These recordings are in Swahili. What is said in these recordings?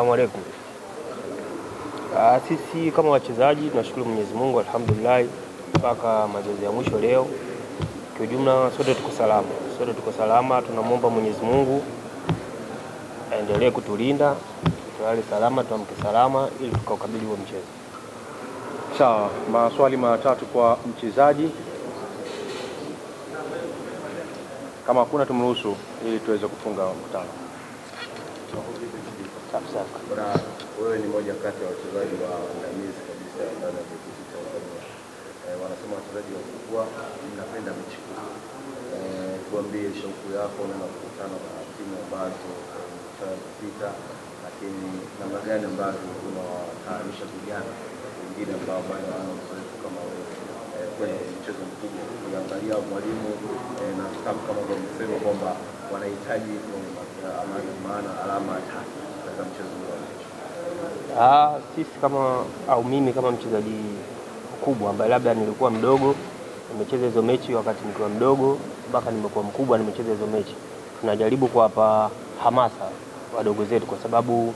Asalamu alaykum. Ah, sisi kama wachezaji tunashukuru Mwenyezi Mungu alhamdulillah, mpaka mazoezi ya mwisho leo. Kwa ujumla sote tuko salama, sote tuko salama. Tunamwomba Mwenyezi Mungu aendelee kutulinda tulale salama, tuamke salama, ili tukaukabili huo mchezo. Sawa, maswali matatu kwa mchezaji, kama hakuna tumruhusu ili tuweze kufunga mkutano safi safi. wewe ni moja kati ya wachezaji wa ndamizi kabisa ndani ya kipindi cha Tanzania. Eh, wanasema wachezaji wakubwa mnapenda mechi kubwa. Eh, tuambie shauku yako na kukutana na timu ambazo zimepita, eh, lakini namna gani ambavyo unawatayarisha vijana wengine ambao bado hawana uzoefu kama wewe kwenye mchezo mkubwa ukiangalia mwalimu na kama kama alivyosema kwamba wanahitaji maana alama tatu katika mchezo huu? Ah, sisi kama au mimi kama mchezaji mkubwa ambaye labda nilikuwa mdogo, nimecheza hizo mechi wakati nikiwa mdogo mpaka nimekuwa mkubwa, nimecheza hizo mechi, tunajaribu kuwapa hamasa wadogo zetu, kwa sababu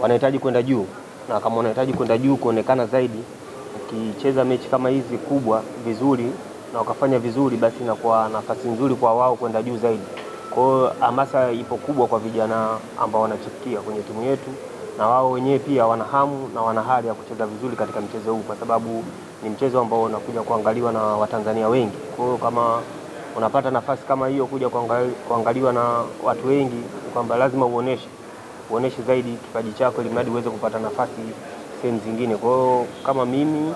wanahitaji kwenda juu, na kama wanahitaji kwenda juu kuonekana zaidi, ukicheza mechi kama hizi kubwa vizuri na wakafanya vizuri, basi inakuwa nafasi nzuri kwa wao kwenda juu zaidi. Kwa hiyo hamasa ipo kubwa kwa vijana ambao wanachipukia kwenye timu yetu, na wao wenyewe pia wana hamu na wana hali ya kucheza vizuri katika mchezo huu, kwa sababu ni mchezo ambao unakuja kuangaliwa na Watanzania wengi. Kwa hiyo kama unapata nafasi kama hiyo kuja kuangaliwa na watu wengi, kwamba lazima uoneshe uoneshe zaidi kipaji chako, ili mradi uweze kupata nafasi sehemu zingine. Kwa hiyo kama mimi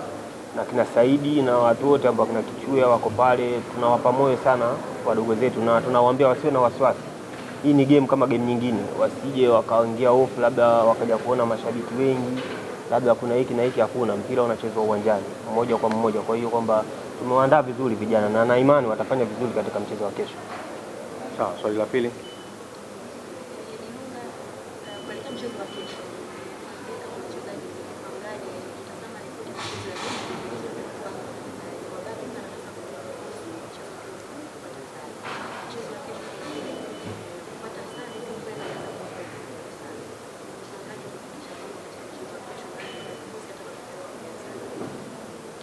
na kina Saidi na watu wote ambao kina Kichuya wako pale, tunawapa moyo sana wadogo zetu, na tunawaambia wasiwe na wasiwasi. Hii ni game kama game nyingine, wasije wakaingia hofu, labda wakaja kuona mashabiki wengi, labda kuna hiki na hiki. Hakuna, mpira unachezwa uwanjani mmoja kwa mmoja. Kwa hiyo kwamba tumewaandaa vizuri vijana na na imani watafanya vizuri katika mchezo wa kesho. Sawa, swali la pili.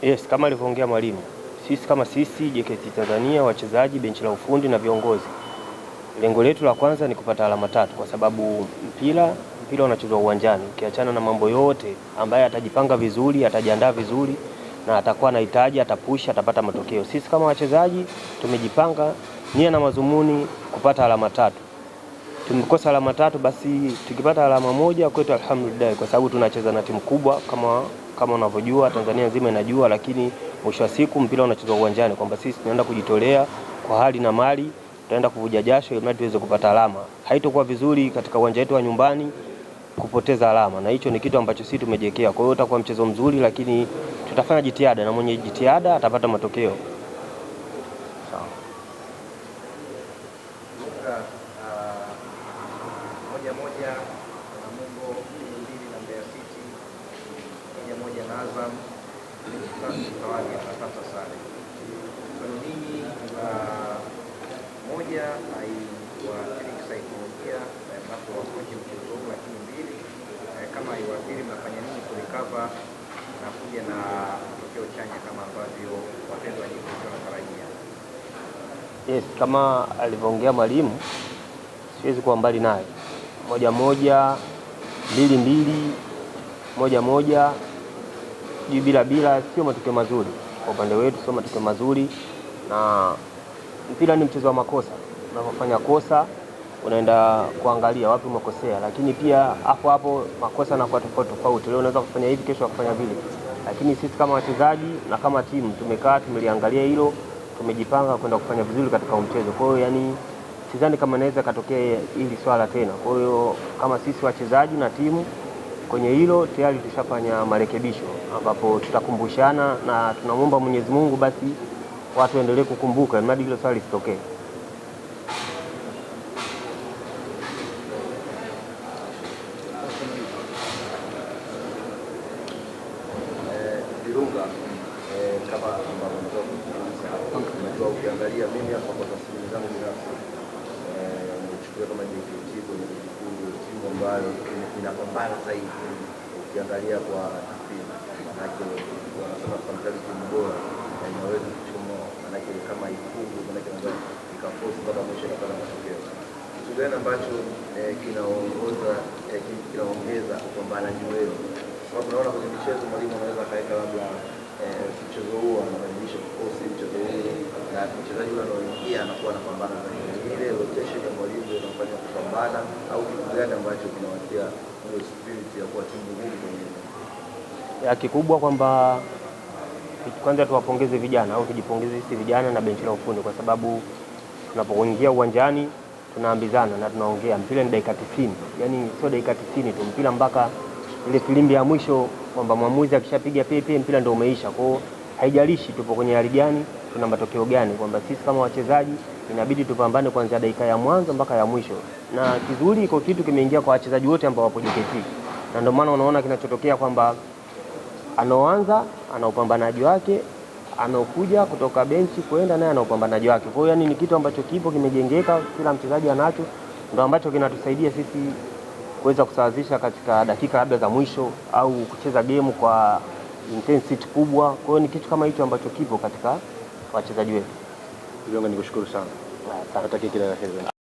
Yes, kama alivyoongea mwalimu, sisi kama sisi JKT Tanzania, wachezaji, benchi la ufundi na viongozi, lengo letu la kwanza ni kupata alama tatu, kwa sababu mpira mpira unachezwa uwanjani. Ukiachana na mambo yote, ambaye atajipanga vizuri, atajiandaa vizuri na atakuwa anahitaji, atapusha, atapata matokeo. Sisi kama wachezaji tumejipanga nia na mazumuni kupata alama tatu tumekosa alama tatu, basi tukipata alama moja kwetu alhamdulillah, kwa sababu tunacheza na timu kubwa kama kama unavyojua Tanzania nzima inajua, lakini mwisho wa siku mpira unachezwa uwanjani, kwamba sisi tunaenda kujitolea kwa hali na mali, tutaenda kuvuja jasho ili tuweze kupata alama. Haitokuwa vizuri katika uwanja wetu wa nyumbani kupoteza alama, na hicho ni kitu ambacho sisi tumejiwekea. Kwa hiyo utakuwa mchezo mzuri, lakini tutafanya jitihada na mwenye jitihada atapata matokeo. Sawa moja moja Namungo mbili mbili na Mbeya City moja moja na Azam tawali atapata sare. Kwani ninyi ah, moja haiwaathiri kisaikolojia ambapo eh, wakoche mchezo lakini mbili eh, kama haiwaathiri mnafanya nini kulikava na kuja na matokeo chanya kama ambavyo wapendwa wajifunza wanatarajia? Yes, kama alivyoongea mwalimu siwezi kuwa mbali naye moja moja, mbili mbili, moja moja, sijui bila bila, sio matokeo mazuri kwa upande wetu, sio matokeo mazuri. Na mpira ni mchezo wa makosa, unapofanya kosa unaenda kuangalia wapi umekosea, lakini pia hapo hapo makosa yanakuwa tofauti tofauti. Leo unaweza kufanya hivi, kesho kufanya vile, lakini sisi kama wachezaji na kama timu tumekaa, tumeliangalia hilo, tumejipanga kwenda kufanya vizuri katika mchezo. Kwa hiyo yani sidhani kama inaweza katokea hili swala tena. Kwa hiyo kama sisi wachezaji na timu kwenye hilo tayari tushafanya marekebisho, ambapo tutakumbushana na tunamwomba Mwenyezi Mungu basi watu waendelee kukumbuka mradi hilo swala lisitokee. Eh, eh, kama ambavyo ukiangalia mimi hapa kwa zangu binafsi tukiwa kama JKT kwenye ligi kuu ndio timu ambayo inapambana zaidi ukiangalia kwa takwimu, manake wanasema sometimes timu bora na inaweza kuchomoa, manake kama ikungu, manake naweza ikafosi mpaka mwisho inapata matokeo. Kitu gani ambacho eh, kinaongoza eh, kinaongeza upambanaji wenu? Kwa sababu naona kwenye michezo mwalimu anaweza akaweka labda Eh, mchezo huu anabadilisha kikosi, mchezo huu na mchezaji yule anaoingia anakuwa anapambana zaidi. Ile rotation ya mwalimu inafanya kupambana au kitu gani ambacho kinawatia hiyo spirit ya kuwa timu ngumu kwenye ya kikubwa kwamba kwanza tuwapongeze vijana au tujipongeze sisi vijana na benchi la ufundi, kwa sababu tunapoingia uwanjani tunaambizana na tunaongea. Mpira ni dakika 90, yani sio dakika 90 tu mpira mpaka ile filimbi ya mwisho kwamba mwamuzi akishapiga pepe mpira ndio umeisha. Kwa hiyo haijalishi tupo kwenye hali gani, tuna matokeo gani, kwamba sisi kama wachezaji inabidi tupambane kuanzia dakika ya mwanzo mpaka ya mwisho, na kizuri iko kitu kimeingia kwa wachezaji wote ambao wapo JKT, na ndio maana unaona kinachotokea kwamba anaoanza ana upambanaji wake, anaokuja kutoka benchi kwenda naye ana upambanaji wake. Kwa hiyo yani ni kitu ambacho kipo kimejengeka, kila mchezaji anacho, ndio ambacho kinatusaidia sisi kuweza kusawazisha katika dakika labda za mwisho au kucheza gemu kwa intensity kubwa. Kwa hiyo ni kitu kama hicho ambacho kipo katika wachezaji wetu. Nikushukuru sana. Natakia kila la heri.